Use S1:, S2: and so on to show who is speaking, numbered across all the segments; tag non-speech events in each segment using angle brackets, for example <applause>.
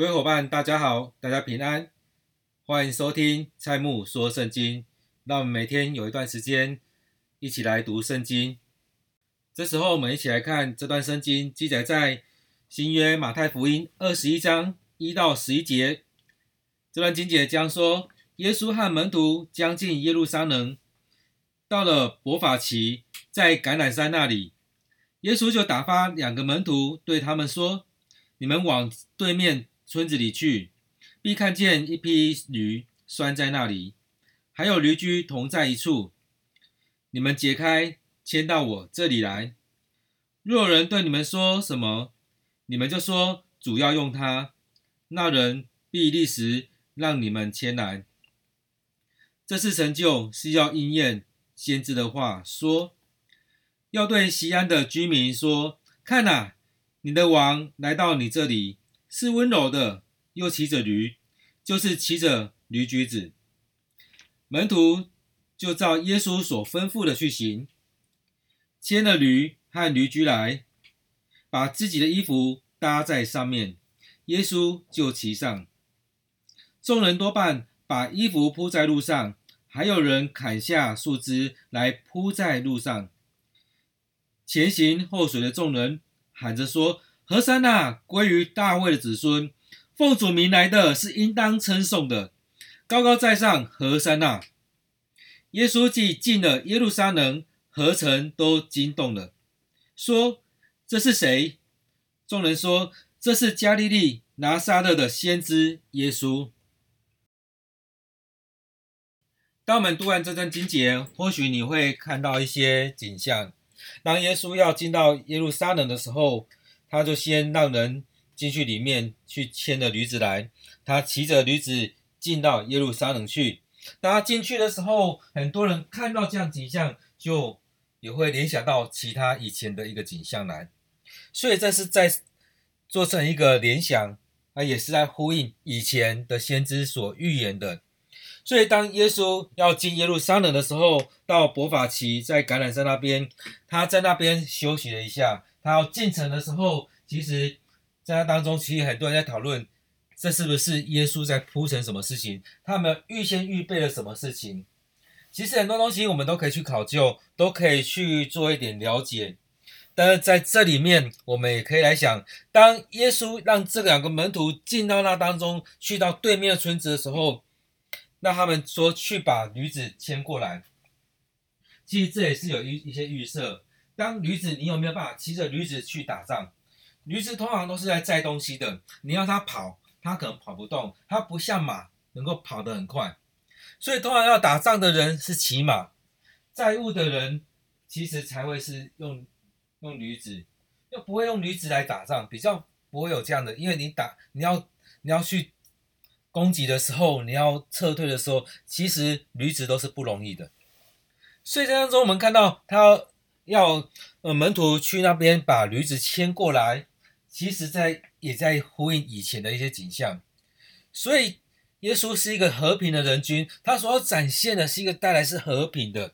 S1: 各位夥伴，大家好，大家平安，歡迎收聽蔡木說聖經。讓我們每天有一段時間，一起來讀聖經。這時候，我們一起來看這段聖經，記載在新約馬太福音二十一章一到十一節。這段經節講說，耶穌和門徒將近耶路撒冷，到了伯法其，在橄欖山那裡，耶穌就打發兩個門徒對他們說：“你們往對面。”村子裡去，必看見一匹驢拴在那裡，還有驢駒同在一處。你們解開，牽到我這裡來。若有人對你們說什麼，你們就說：主要用牠。那人必立時讓你們牽來。這次成就是要應驗先知的話說，說要對錫安的居民說：看哪，你的王來到你這裡。是溫柔的，又騎着驢，就是騎着驢駒子。門徒就照耶穌所吩咐的去行，牽了驢和驢駒來，把自己的衣服搭在上面，耶穌就騎上。眾人多半把衣服鋪在路上，還有人砍下樹枝來鋪在路上。前行後隨的眾人喊着說，和散那歸於大衛的子孫，奉主名來的是應當稱頌的，高高在上和散那。耶穌既進了耶路撒冷，合城都驚動了，說，這是誰？眾人說，這是加利利拿撒勒的先知耶穌。當我們讀完這段經節，或許你會看到一些景象，當耶穌要進到耶路撒冷的時候。他就先讓人進去裡面去牽着驢子來，他騎着驢子進到耶路撒冷去。當他進去的時候，很多人看到這樣景象，就也會聯想到其他以前的一個景象來。所以這是在做成一個聯想，那也是在呼應以前的先知所預言的。所以當耶穌要進耶路撒冷的時候，到伯法其在橄欖山那邊，他在那邊休息了一下。他要進城的時候。其實，在那當中，其實很多人在討論，這是不是耶穌在鋪陳什麼事情？他們預先預備了什麼事情？其實很多東西我們都可以去考究，都可以去做一點了解。但是在這裡面，我們也可以來想，當耶穌讓這兩個門徒進到那當中，去到對面的村子的時候，讓他們說去把驢子牽過來。其實這也是有一一些預設。當驢子，你有沒有辦法騎着驢子去打仗？驢子通常都是在載東西的，你要它跑，它可能跑不動，它不像馬能夠跑得很快，所以通常要打仗的人是騎馬，載物的人其實才會是用用驢子，就不會用驢子來打仗，比較不會有這樣的，因為你打你要你要去攻擊的時候，你要撤退的時候，其實驢子都是不容易的，所以在當中我們看到他要呃門徒去那邊把驢子牽過來。其實在，在也在呼應以前的一些景象，所以耶穌是一個和平的人君，他所要展現的是一個帶來是和平的，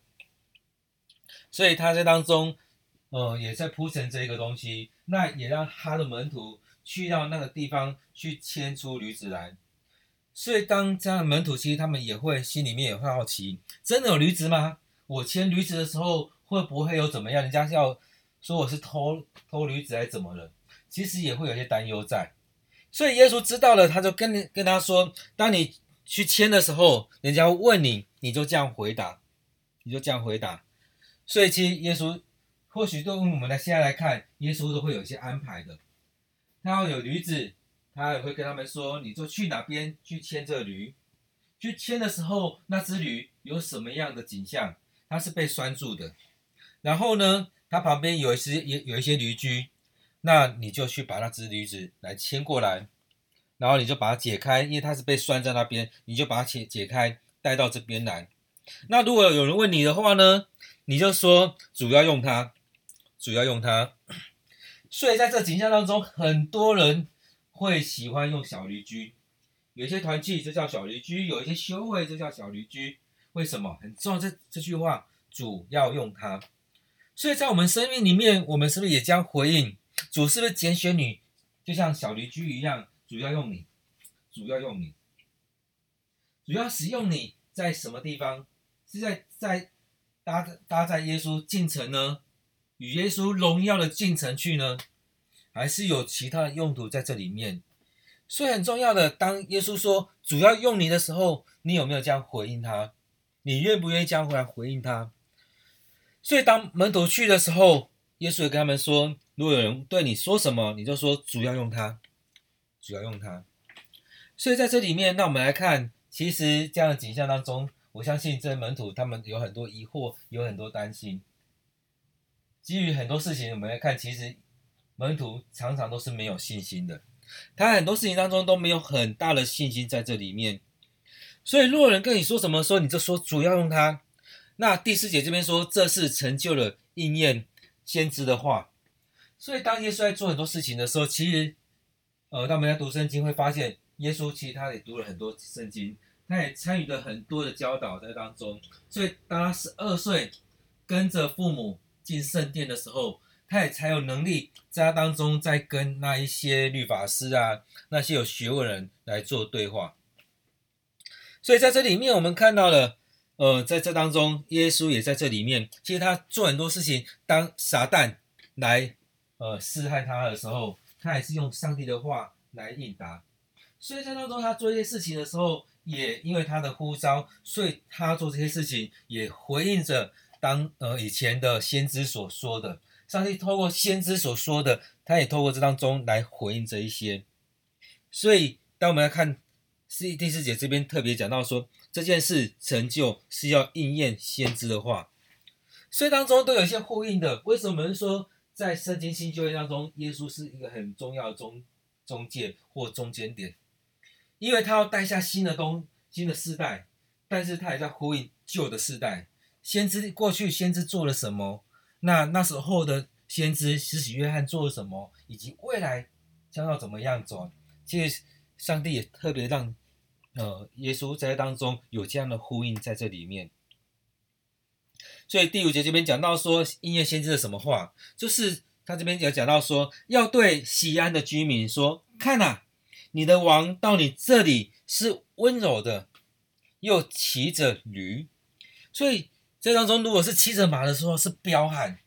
S1: 所以他在當中，呃，也在鋪陳這個東西，那也讓他的門徒去到那個地方去牽出驢子來，所以當這樣的門徒，其實他們也會心裡面也會好奇，真的有驢子嗎？我牽驢子的時候會不會有怎麼樣？人家是要說我是偷偷驢子還是怎麼了？其實也會有些擔憂在，所以耶穌知道了，他就跟跟他說：“當你去牽的時候，人家問你，你就這樣回答，你就這樣回答。”所以，其實耶穌或許從我們的現在來看、嗯，耶穌都會有一些安排的。他會有驢子，他也會跟他們說：“你就去哪邊去牽這驢？去牽的時候，那只驢有什麼樣的景象？它是被拴住的。然後呢，它旁邊有一只有有一些驢駒。”那你就去把那隻驢子來牽過來，然後你就把它解開，因為它是被拴在那邊，你就把它解解開，帶到這邊來。那如果有人問你的話呢，你就說，主要用它，主要用它。 <coughs> 所以在這景象當中，很多人會喜歡用小驢駒，有些團契就叫小驢駒，有一些修會就叫小驢駒。為什麼？很重要這，這這句話，主要用它。所以在我們生命裡面，我們是不是也將回應？主是不是揀選你，就像小驢駒一樣，主要用你，主要用你，主要使用你在什麼地方？是在在搭着搭載耶穌進城呢，與耶穌榮耀的進城去呢，還是有其他的用途在這裡面？所以很重要的，當耶穌說主要用你的時候，你有沒有這樣回應他？你願不願意這樣回來回應他？所以當門徒去的時候，耶穌也跟他們說。如果有人對你說什麼，你就說主要用它，主要用它。所以在這裡面，那我們來看，其實這樣的景象當中，我相信這些門徒他們有很多疑惑，有很多擔心。基於很多事情，我們來看，其實門徒常常都是沒有信心的，他很多事情當中都沒有很大的信心在這裡面。所以，如果有人跟你說什麼，說你就說主要用它。那第四節這邊說，這是成就了應驗先知的話。所以，當耶穌在做很多事情的時候，其實，呃，當我們來讀聖經會發現，耶穌其實他也讀了很多聖經，他也參與了很多的教導在當中。所以，當他十二歲跟着父母進聖殿的時候，他也才有能力在他當中再跟那一些律法師啊，那些有學問人來做對話。所以，在這裡面，我們看到了，呃，在這當中，耶穌也在這裡面，其實他做很多事情，當撒旦來。呃，試探他的時候，他也是用上帝的話來應答，所以在當中他做一些事情的時候，也因為他的呼召，所以他做這些事情也回應着當呃以前的先知所說的，上帝透過先知所說的，他也透過這當中來回應這一些，所以當我們來看是第四節這邊特別講到說，這件事成就是要應驗先知的話，所以當中都有一些呼應的。為什麼說？在聖經新舊約當中，耶穌是一個很重要的中中介或中間點，因為他要帶下新的東新的世代，但是他也在呼應舊的世代。先知過去先知做了什麼，那那時候的先知，施洗約翰做了什麼，以及未來將要怎麼樣走，其實上帝也特別讓呃耶穌在當中有這樣的呼應在這裡面。所以第五節這邊講到說，應驗先知的什麼話？就是他這邊有講到說，要對錫安的居民說：“看啊，你的王到你這裡是溫柔的，又騎着驢。”所以這當中，如果是騎着馬的時候是彪悍，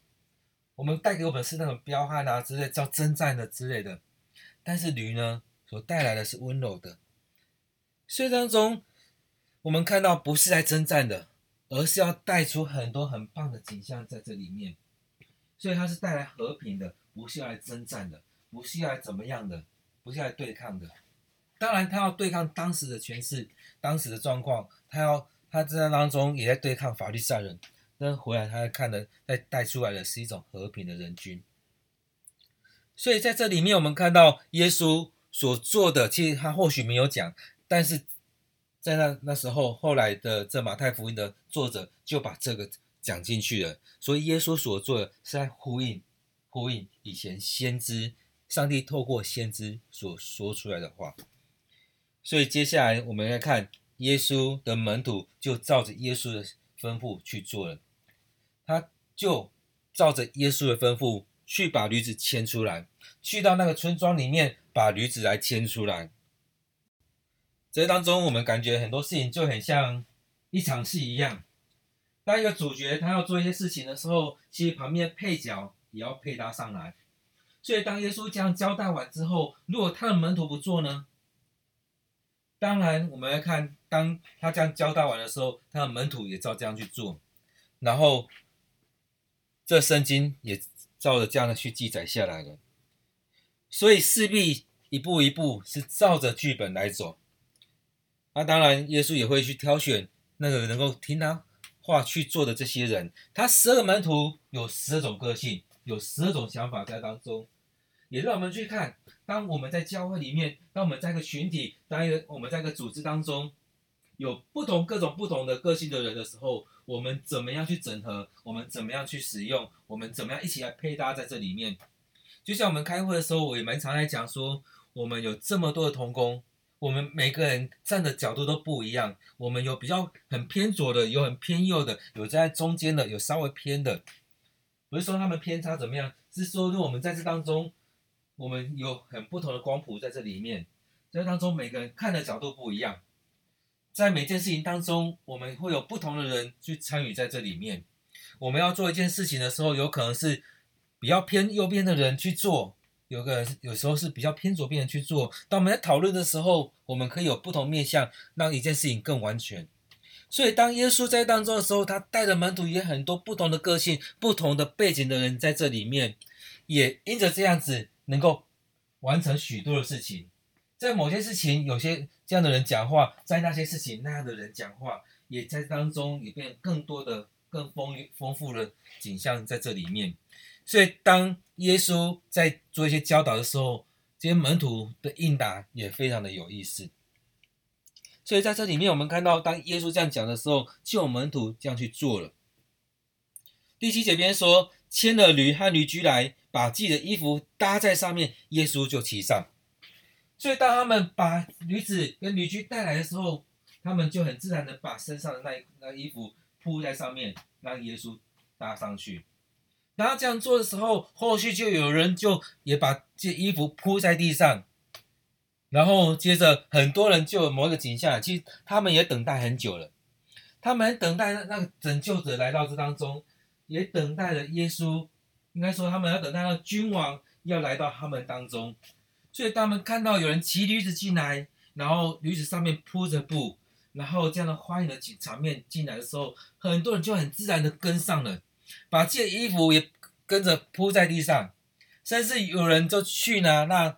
S1: 我們帶給我們是那種彪悍啊之類，叫征戰的之類的。但是驢呢，所帶來的是溫柔的。所以當中，我們看到不是在征戰的。而是要帶出很多很棒的景象在這裡面，所以他是帶來和平的，不是要來征戰的，不是要來怎麼樣的，不是要來對抗的。當然，他要對抗當時的權勢，當時的狀況，他要他在這當中也在對抗法律殺人，但回來他看的帶帶出來的是一種和平的人君。所以在這裡面，我們看到耶穌所做的，其實他或許沒有講，但是。在那那時候，後來的這馬太福音的作者就把這個講進去了。所以耶穌所做的是在呼應、呼應以前先知上帝透過先知所說出來的話。所以接下來我們來看，耶穌的門徒就照着耶穌的吩咐去做了。他就照着耶穌的吩咐去把驢子牽出來，去到那個村莊裡面把驢子來牽出來。當中，我們感覺很多事情就很像一場戲一樣。當一個主角他要做一些事情的時候，其實旁邊配角也要配搭上來。所以，當耶穌這樣交代完之後，如果他的門徒不做呢？當然，我們來看，當他這樣交代完的時候，他的門徒也照這樣去做，然後這聖經也照着這樣的去記載下來了。所以，勢必一步一步是照着劇本來走。那、啊、當然，耶穌也會去挑選那個能夠聽他、啊、話去做的這些人。他十二門徒有十二種個性，有十二種想法，在當中，也讓我們去看：當我們在教會裡面，當我們在一個群體，當一個我們在一個組織當中，有不同各種不同的個性的人的時候，我們怎麼樣去整合？我們怎麼樣去使用？我們怎麼樣一起來配搭在這裡面？就像我們開會的時候，我也蠻常來講說，我們有這麼多的同工。我們每個人站的角度都不一樣，我們有比較很偏左的，有很偏右的，有在中間的，有稍微偏的。不是說他們偏差怎麼樣，是說如果我們在這當中，我們有很不同的光譜在這裡面，在當中每個人看的角度不一樣，在每件事情當中，我們會有不同的人去參與在這裡面。我們要做一件事情的時候，有可能是比較偏右邊的人去做。有個有時候是比較偏左邊的去做，當我們在討論的時候，我們可以有不同面向，讓一件事情更完全。所以當耶穌在當中的時候，他帶着門徒，也很多不同的個性、不同的背景的人在這裡面，也因着這樣子能夠完成許多的事情。在某些事情，有些這樣的人講話，在那些事情，那樣的人講話，也在當中也變更多的、更豐豐富的景象在這裡面。所以當耶穌在做一些教導的時候，這些門徒的應答也非常的有意思。所以在這裡面，我們看到當耶穌這樣講的時候，就有門徒這樣去做了。第七節邊說，別說牽了驢和驢駒來，把自己的衣服搭在上面，耶穌就騎上。所以當他們把驢子跟驢駒帶來的時候，他們就很自然的把身上的那那衣服鋪在上面，讓耶穌搭上去。然後這樣做的時候，後續就有人就也把這衣服鋪在地上，然後接着很多人就有某一個景象，其實他們也等待很久了，他們等待那個拯救者來到這當中，也等待了耶穌，應該說他們要等待到君王要來到他們當中，所以他們看到有人騎驢子進來，然後驢子上面鋪着布，然後這樣的歡迎的景場面進來的時候，很多人就很自然的跟上了。把自己的衣服也跟着鋪在地上，甚至有人就去拿，那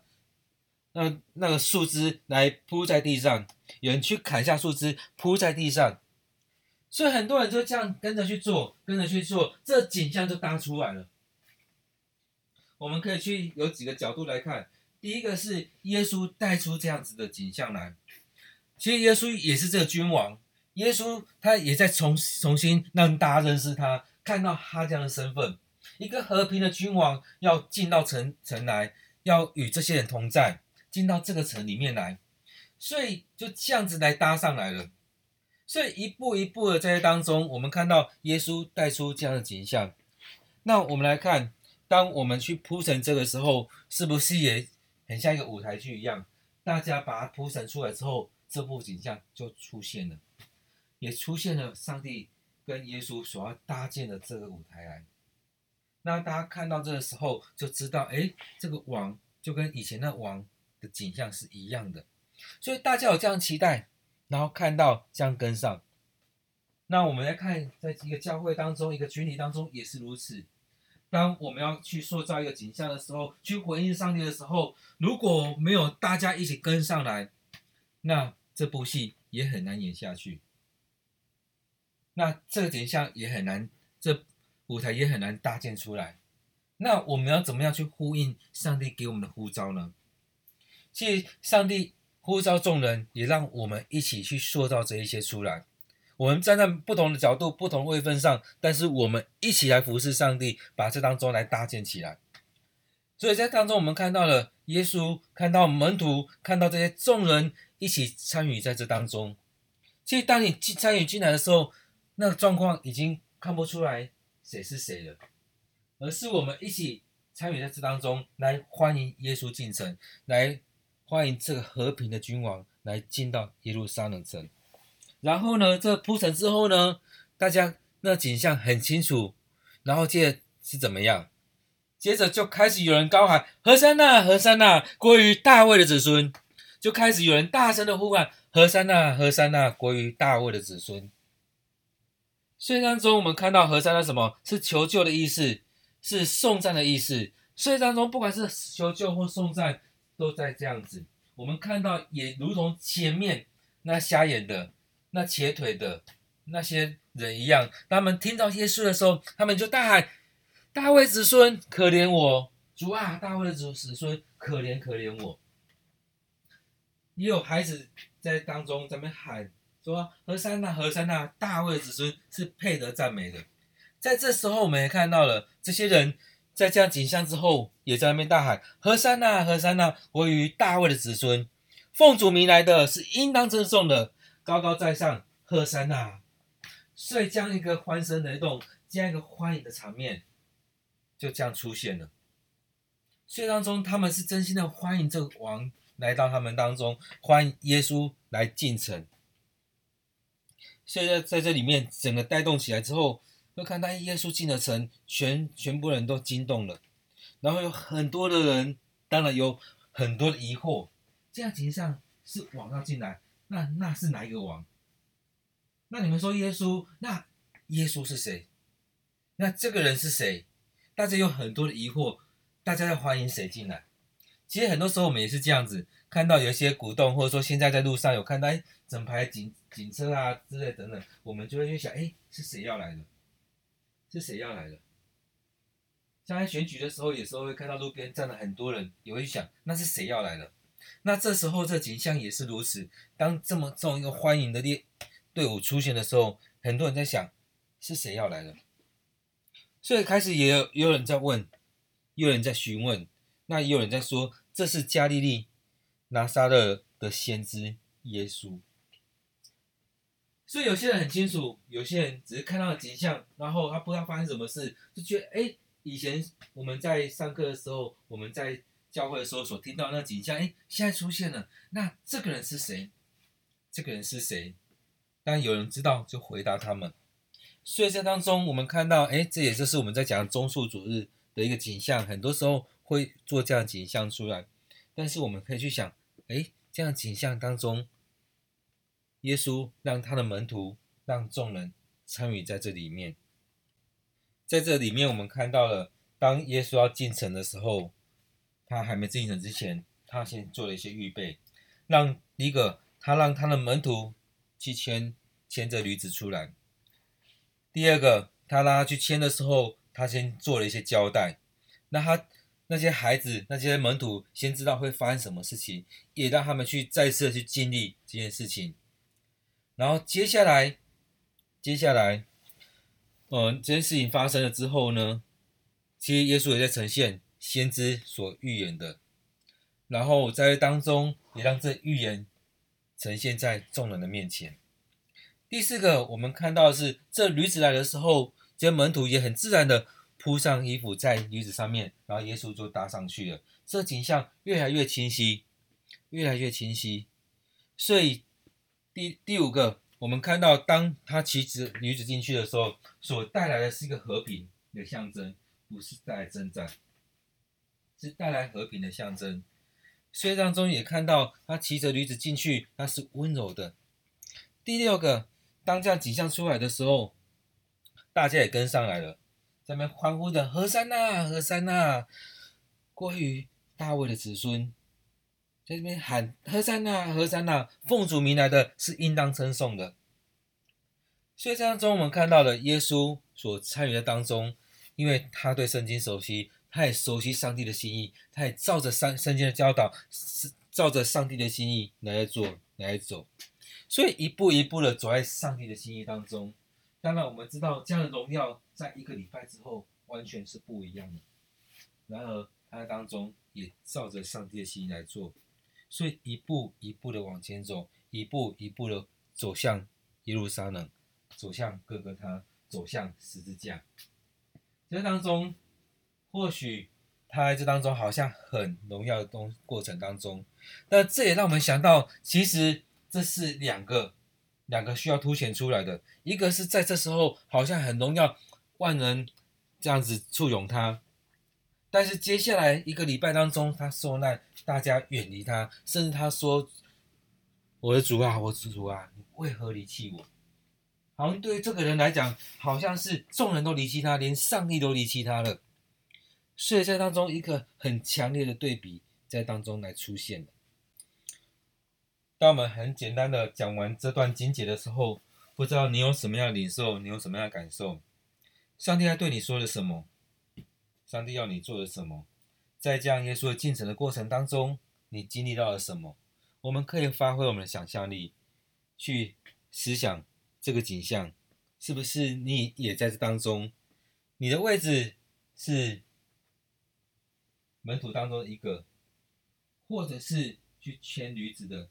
S1: 那那個樹枝來鋪在地上，有人去砍下樹枝鋪在地上，所以很多人就這樣跟着去做，跟着去做，這景象就搭出來了。我們可以去有幾個角度來看，第一個是耶穌帶出這樣子的景象來，其實耶穌也是這個君王，耶穌他也在重重新讓大家認識他。看到他這樣的身份，一個和平的君王要進到城城來，要與這些人同在，進到這個城裡面來，所以就這樣子來搭上來了。所以一步一步的在當中，我們看到耶穌帶出這樣的景象。那我們來看，當我們去鋪陳這個時候，是不是也很像一個舞台劇一樣？大家把它鋪陳出來之後，這幅景象就出現了，也出現了上帝，跟耶穌所要搭建的這個舞台來，那大家看到這個時候就知道，哎，這個王就跟以前的王的景象是一樣的，所以大家有這樣期待，然後看到這樣跟上，那我們來看在一個教會當中、一個群體當中也是如此。當我們要去塑造一個景象的時候，去回應上帝的時候，如果沒有大家一起跟上來，那這部戲也很難演下去。那這個景象也很難，這舞台也很難搭建出來。那我們要怎麼樣去呼應上帝給我們的呼召呢？其實，上帝呼召眾人，也讓我們一起去塑造這一些出來。我們站在不同的角度、不同位分上，但是我們一起來服侍上帝，把這當中來搭建起來。所以在當中，我們看到了耶穌，看到門徒，看到這些眾人一起參與在這當中。其實，當你去參與進來的時候，那個狀況已經看不出來誰是誰了，而是我們一起參與在這當中來歡迎耶穌進城，來歡迎這個和平的君王來進到耶路撒冷城。然後呢，這個、鋪陳之後呢，大家那景象很清楚。然後接着是怎麼樣？接着就開始有人高喊：“和散那，和散那，歸於大衛的子孫！”就開始有人大聲的呼喊：“和散那，和散那，歸於大衛的子孫！”所以當中，我們看到和尚的什麼是求救的意思，是送戰的意思。所以當中，不管是求救或送戰，都在這樣子。我們看到，也如同前面那瞎眼的、那瘸腿的那些人一樣，他們聽到耶穌的時候，他們就大喊：“大衛子孫，可憐我，主啊，大衛的子孫，可憐可憐我。”也有孩子在當中，他們喊，說和散那，和散那！大衛的子孫是配得讚美的。在這時候，我們也看到了這些人，在這樣景象之後，也在那邊大喊：“和散那，和散那！歸於大衛的子孫，奉主名來的，是應當稱頌的，高高在上，和散那！”所以，這樣一個歡聲雷動，這樣一個歡迎的場面，就這樣出現了。所以當中，他們是真心的歡迎這個王來到他們當中，歡迎耶穌來進城。現在在這裡面，整個帶動起來之後，會看到耶穌進了城，全全部人都驚動了，然後有很多的人，當然有很多的疑惑。這樣實際上是王要進來，那那是哪一個王？那你們說耶穌？那耶穌是誰？那這個人是誰？大家有很多的疑惑，大家要歡迎誰進來？其實很多時候我們也是這樣子，看到有一些古董，或者說現在在路上有看到哎，整排警警車啊之類等等，我們就會想，哎，是誰要來的？是誰要來的？像在選舉的時候，有時候會看到路邊站了很多人，也會想，那是誰要來的？那這時候這景象也是如此。當這麼重一個歡迎的列隊伍出現的時候，很多人在想，是誰要來的？所以開始也有有人在問，有人在詢問，那也有人在說。這是加利利拿撒勒的先知耶穌，所以有些人很清楚，有些人只是看到了景象，然後他不知道發生什麼事，就覺得哎，以前我們在上課的時候，我們在教會的時候所聽到的那景象，哎，現在出現了，那這個人是誰？這個人是誰？但有人知道就回答他們，所以在當中我們看到，哎，這也就是我們在講棕樹主日的一個景象，很多時候。會做這樣的景象出來，但是我們可以去想，誒，這樣的景象當中，耶穌讓他的門徒讓眾人參與在這裡面，在這裡面我們看到了，當耶穌要進城的時候，他還沒進城之前，他先做了一些預備，讓第一個他讓他的門徒去牽牽着驢子出來，第二個他讓他去牽的時候，他先做了一些交代，那他。那些孩子，那些門徒先知道會發生什麼事情，也讓他們去再次的去經歷這件事情。然後接下來，接下來，呃，這件事情發生了之後呢，其實耶穌也在呈現先知所預言的，然後在當中也讓這預言呈現在眾人的面前。第四個，我們看到的是這驢子來的時候，這些門徒也很自然的。鋪上衣服在驢子上面，然後耶穌就搭上去了。這景象越來越清晰，越來越清晰。所以第第五個，我們看到當他騎着驢子進去的時候，所帶來的是一個和平的象徵，不是帶來征戰，是帶來和平的象徵。所以當中也看到他騎着驢子進去，他是溫柔的。第六個，當這樣景象出來的時候，大家也跟上來了。在那邊歡呼的和散那，和散那、啊啊，歸於大衛的子孫，在那邊喊和散那，和散那、啊啊，奉主名來的是應當稱頌的。所以，這樣中我們看到了耶穌所參與的當中，因為他對聖經熟悉，他也熟悉上帝的心意，他也照着上聖經的教導，照着上帝的心意來做，來走，所以一步一步的走在上帝的心意當中。當然，我們知道這樣的榮耀。在一個禮拜之後，完全是不一樣的。然而，他當中也照着上帝的心意來做，所以一步一步的往前走，一步一步的走向耶路撒冷，走向各各他，走向十字架。這當中，或許他在這當中好像很榮耀的東過程當中，但這也讓我們想到，其實這是兩個兩個需要凸顯出來的，一個是在這時候好像很榮耀。萬人這樣子簇擁他，但是接下來一個禮拜當中，他受難，大家遠離他，甚至他說：“我的主啊，我的主啊，你為何離棄我？”好像對這個人來講，好像是眾人都離棄他，連上帝都離棄他了。所以，在當中一個很強烈的對比在當中來出現。當我們很簡單的講完這段經節的時候，不知道你有什麼樣的領受，你有什麼樣的感受？上帝還對你說了什麼？上帝要你做了什麼？在這樣耶穌進城的過程當中，你經歷到了什麼？我們可以發揮我們的想象力，去思想這個景象，是不是你也在這當中？你的位置是門徒當中一個，或者是去牽驢子的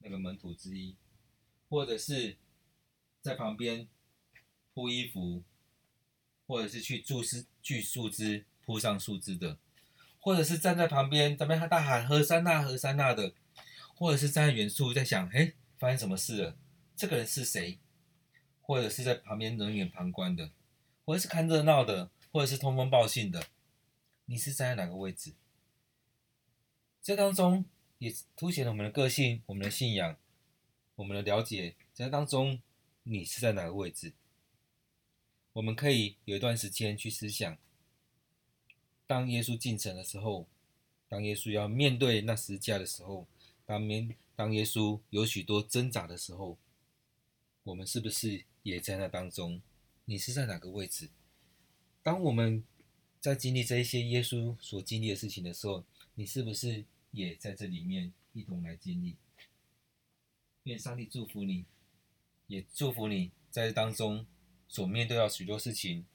S1: 那個門徒之一，或者是在旁邊鋪衣服。或者是去注去枝、鋸樹枝、鋪上樹枝的，或者是站在旁邊，旁邊他大喊“和散那和散那”散那的，或者是站在遠處在想“哎、欸，發生什麼事了？這個人是誰？”或者是在旁邊冷眼旁觀的，或者是看熱鬧的，或者是通風報信的。你是站在哪個位置？這當中也凸顯了我們的個性、我們的信仰、我們的了解。這當中，你是在哪個位置？我們可以有一段時間去思想，當耶穌進城的時候，當耶穌要面對那十架的時候，當面當耶穌有許多掙扎的時候，我們是不是也在那當中？你是在哪個位置？當我們在經歷這些耶穌所經歷的事情的時候，你是不是也在這裡面一同來經歷？願上帝祝福你，也祝福你在當中。所面對到許多事情，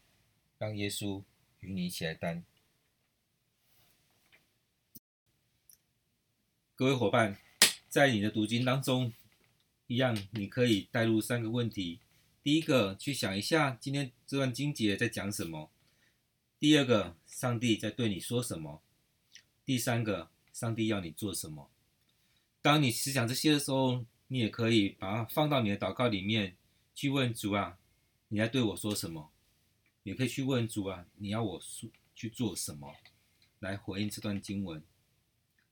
S1: 讓耶穌與你一起來擔。各位夥伴，在你的讀經當中，一樣你可以帶入三個問題：第一個，去想一下今天這段經節在講什麼；第二個，上帝在對你說什麼；第三個，上帝要你做什麼。當你思想這些的時候，你也可以把它放到你的禱告裡面去問主啊。你要對我說什麼，你也可以去問主啊。你要我說去做什麼，來回應這段經文。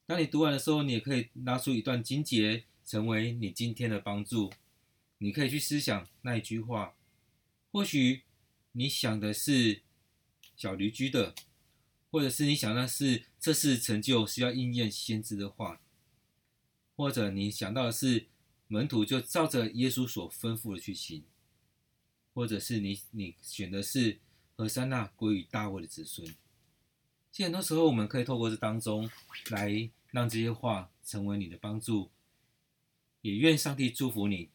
S1: 當你讀完的時候，你也可以拿出一段經節，成為你今天的幫助。你可以去思想那一句話，或許你想的是小驢駒的，或者是你想的是這次成就是要應驗先知的話，或者你想到的是門徒就照着耶穌所吩咐的去行。或者是你，你選的是和散那歸於大衛的子孫。其實很多時候，我們可以透過這當中來讓這些話成為你的幫助。也願上帝祝福你，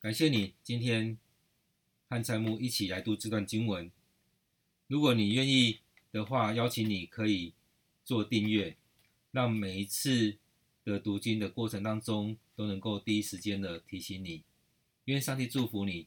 S1: 感謝你今天和蔡牧一起來讀這段經文。如果你願意的話，邀請你可以做訂閱，讓每一次的讀經的過程當中都能夠第一時間的提醒你。願上帝祝福你。